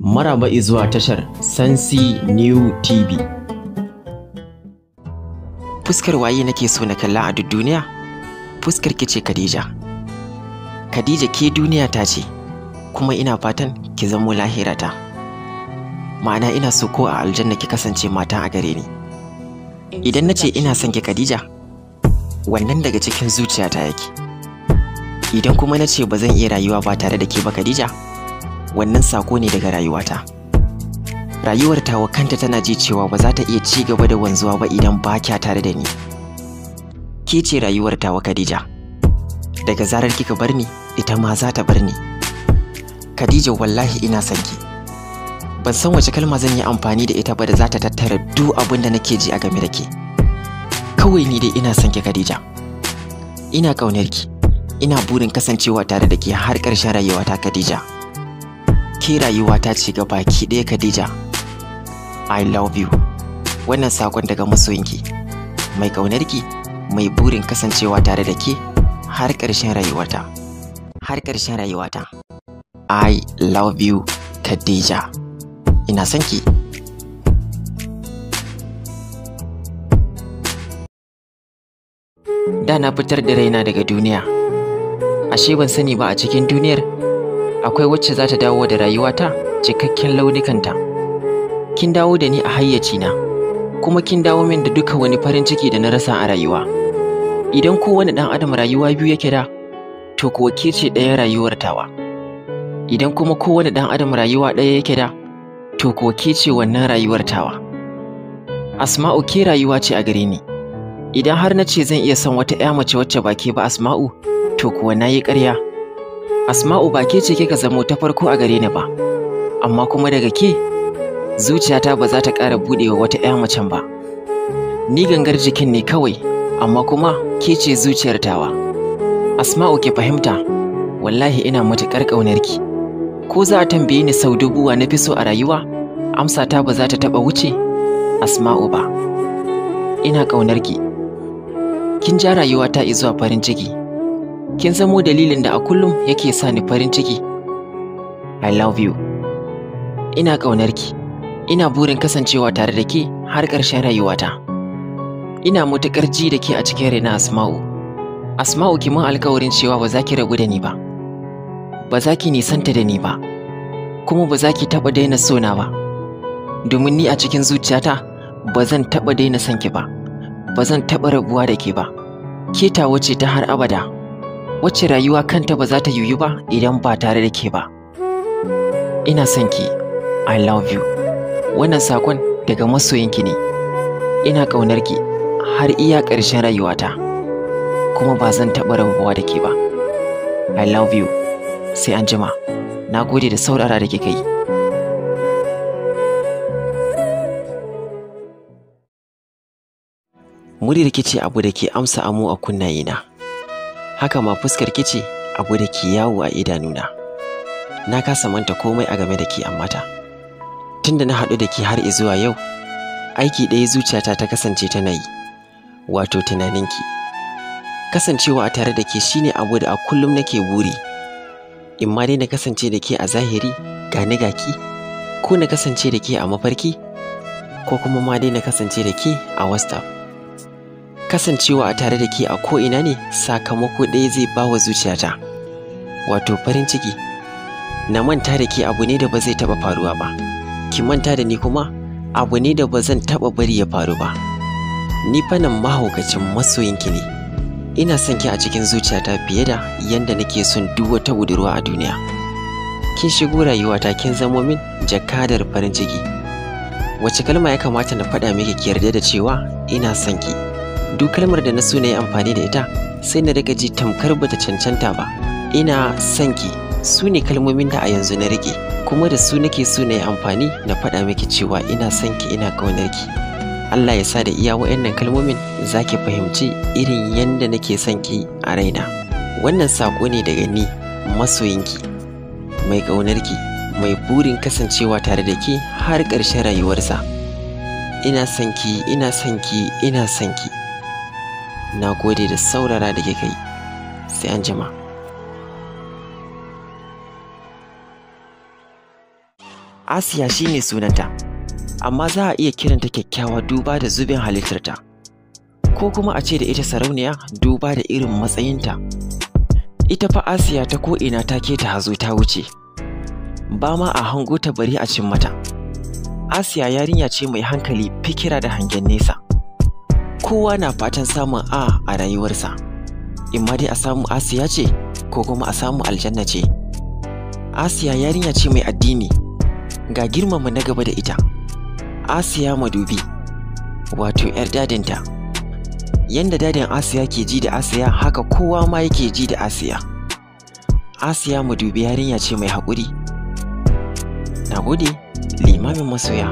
Maraba zuwa tashar Sansi New TV. Fuskar waye nake so na kalla a duk duniya? Fuskar ki ce Khadija. Khadija ke duniya ta ce, kuma ina fatan ki zamo lahirata. Ma'ana ina so ko a aljanna ki kasance mata a gare ni. Idan na ce ina son ki Khadija, wannan daga cikin zuciyata yake. Idan kuma na ce ba zan iya rayuwa ba tare da ke ba Khadija, wannan sako ne daga rayuwata rayuwar tawa kanta tana ji cewa ba za ta iya ci gaba da wanzuwa ba idan ba kya tare da ni ke ce rayuwar tawa Khadija daga zarar kika bar ni ita ma za ta bar ni Khadija wallahi ina son ki ban san wace kalma zan yi amfani da ita ba da za ta tattara duk abin da nake ji a game da ke kawai ni dai ina son ki Khadija ina kaunar ki ina burin kasancewa tare da ke har ƙarshen rayuwata Khadija ke rayuwata ce ga baki ɗaya Khadija. I love you. Wannan sakon daga masoyinki, mai ƙaunarki, mai burin kasancewa tare da ke har ƙarshen rayuwata. Har ƙarshen rayuwata. I love you, Khadija. Ina son ki. Da na fitar da raina daga duniya. Ashe ban sani ba a cikin duniyar akwai wacce za ta dawo da rayuwata cikakken launikanta kin dawo da ni a hayyacina kuma kin dawo min da duka wani farin ciki da na rasa a rayuwa idan kowane ɗan adam rayuwa biyu yake da to kuwa ke ce ɗaya rayuwar tawa idan kuma kowane ɗan adam rayuwa ɗaya yake da to kuwa ke ce wannan rayuwar tawa asma'u ke rayuwa ce a gare ni idan har na ce zan iya son wata ƴa mace wacce ba ke ba asma'u to kuwa na yi ƙarya Asma'u ba ke ce kika zamo ta farko a gare ni ba, amma kuma daga ke zuciyata ba za ta ƙara buɗewa wata ƴa macen ba. Ni gangar jikin ne kawai, amma kuma ke ce zuciyar tawa. Asma'u ke fahimta, wallahi ina matuƙar ki. Ko za a tambaye ni sau dubuwa wa na fi so a rayuwa, amsata ba za ta taɓa wuce Asma'u ba. Ina ki. Kin ja rayuwata izuwa farin ciki. kin zamo dalilin da a kullum yake sa ni farin ciki i love you ina ƙaunarki ina burin kasancewa tare da ke har ƙarshen rayuwata ina matuƙar ji da ke a cikin raina asma'u asma'u ki mun alƙawarin cewa ba za ki rabu da ni ba ba za ki nisanta da ni ba kuma ba za ki taɓa daina sona ba domin ni a cikin zuciyata ba zan taɓa daina son ki ba ba zan taɓa rabuwa da ke ba ke tawace ta har abada wacce rayuwa kanta ba za ta yiwu ba idan ba tare da ke ba ina son ki i love you wannan sakon daga masoyinki ne ina ƙaunar ki har iya ƙarshen rayuwata kuma ba zan taɓa rabuwa da ke ba i love you sai an jima na gode da saurara da kika yi Muri kice abu da ke amsa amu a kunnayena haka ma fuskar kice abu da ke yawo a idanuna na kasa manta komai a game da ke ammata tunda na haɗu da ke har zuwa yau aiki ɗaya zuciyata ta kasance tana yi wato tunaninki kasancewa a tare da ke shine abu da a kullum nake buri in ma dai na kasance da ke a zahiri ga ni ga ki ko na kasance da ke a mafarki ko kuma ma dai na kasance da ke a whatsapp kasancewa a tare da ke a ko ina ne sakamako ɗaya zai ba wa zuciyata wato farin ciki na manta da ke abu ne da ba zai taɓa faruwa ba ki manta da ni kuma abu ne da ba zan taɓa bari ya faru ba ni fanan mahaukacin masoyinki ne ina son ki a cikin zuciyata fiye da yanda nake son duk wata budurwa a duniya kin shigo rayuwata kin zamo min jakadar farin ciki wace kalma ya kamata na faɗa miki ki yarda da cewa ina son ki duk kalmar da na so na yi amfani da ita sai na rika ji tamkar bata cancanta ba ina son ki su ne kalmomin da a yanzu na rike kuma da su nake so na yi amfani na faɗa miki cewa ina son ki ina ƙaunar ki Allah ya sa da iya wa'annan kalmomin za ki fahimci irin yanda nake son ki a raina wannan saƙo ne daga ni masoyinki mai ki mai burin kasancewa tare da ki har ƙarshen rayuwarsa ina son ki ina son ki ina son ki na gode da saurara da kika yi sai an jima asiya shine sunanta amma za a iya kiranta kyakkyawa duba da zubin halittarta ko kuma a ce da ita sarauniya duba da irin matsayinta ita fa asiya ta ko'ina ta keta hazo ta wuce ba ma a hango ta bari a cin mata asiya yarinya ce mai hankali fikira da hangen nesa kowa na fatan samun a a rayuwarsa in dai a samu asiya ce ko kuma a samu aljanna ce asiya yarinya ce mai addini ga girmama na gaba da ita asiya madubi wato yar dadinta yanda dadin asiya ke ji da asiya haka kowa ma yake ji da asiya asiya madubi yarinya ce mai haƙuri na gode limamin masoya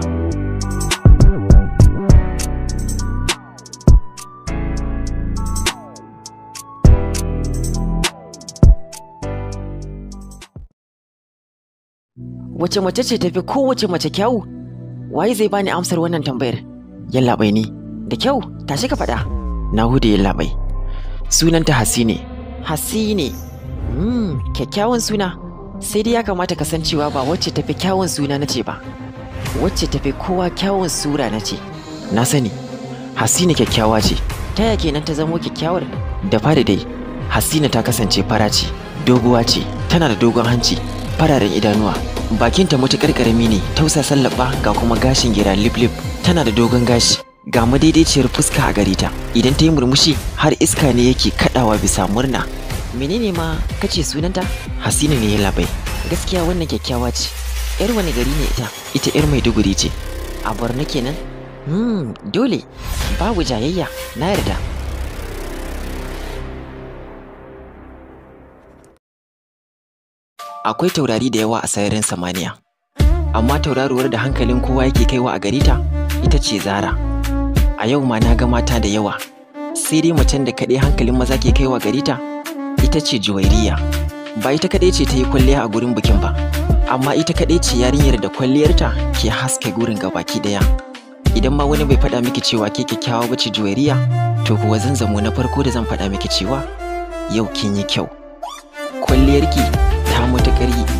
wace mace ce tafi kowace mace kyau waye zai bani amsar wannan tambayar yallaɓai ni da kyau tashi ka faɗa na hude yallaɓai sunanta hasine hasine mm, kyakkyawan suna sai dai ya kamata ka san cewa ba wacce tafi kyawun suna na ce ba wacce tafi kowa kyawun sura na ce na sani Hasine kyakkyawa ce ta yake nan ta zamo kyakkyawar da fari dai hasina ta kasance fara ce doguwa ce tana da dogon hanci fararen idanuwa bakin ta matuƙar ƙarami ne tausasan sallaba ga kuma gashin gira lip-lip tana da dogon gashi ga madaidaiciyar fuska a gare ta idan ta yi murmushi har iska ne yake kaɗawa bisa murna menene ma kace sunanta hasina ne ya labai gaskiya wannan kyakkyawa ce yar wani gari ne ita ita yar maiduguri ce a nake kenan hmm dole babu jayayya na yarda Akwai taurari da yawa a sararin samaniya, amma tauraruwar da hankalin kowa yake kaiwa a garita ita ce Zara. A yau ma na ga mata da yawa, sai dai macen da kaɗai hankalin maza ke kaiwa garita ita ce Juwairiya. Ba ita kaɗai ce ta yi kwalliya a gurin bikin ba, amma ita kaɗai ce yarinyar da kwalliyarta ke haske gurin gabaki ɗaya. Idan ma wani bai faɗa miki cewa ke kyakkyawa ba ce Juwairiya, to kuwa zan zamo na farko da zan faɗa miki cewa yau kin yi kyau. Kwalliyarki ta matuƙar yi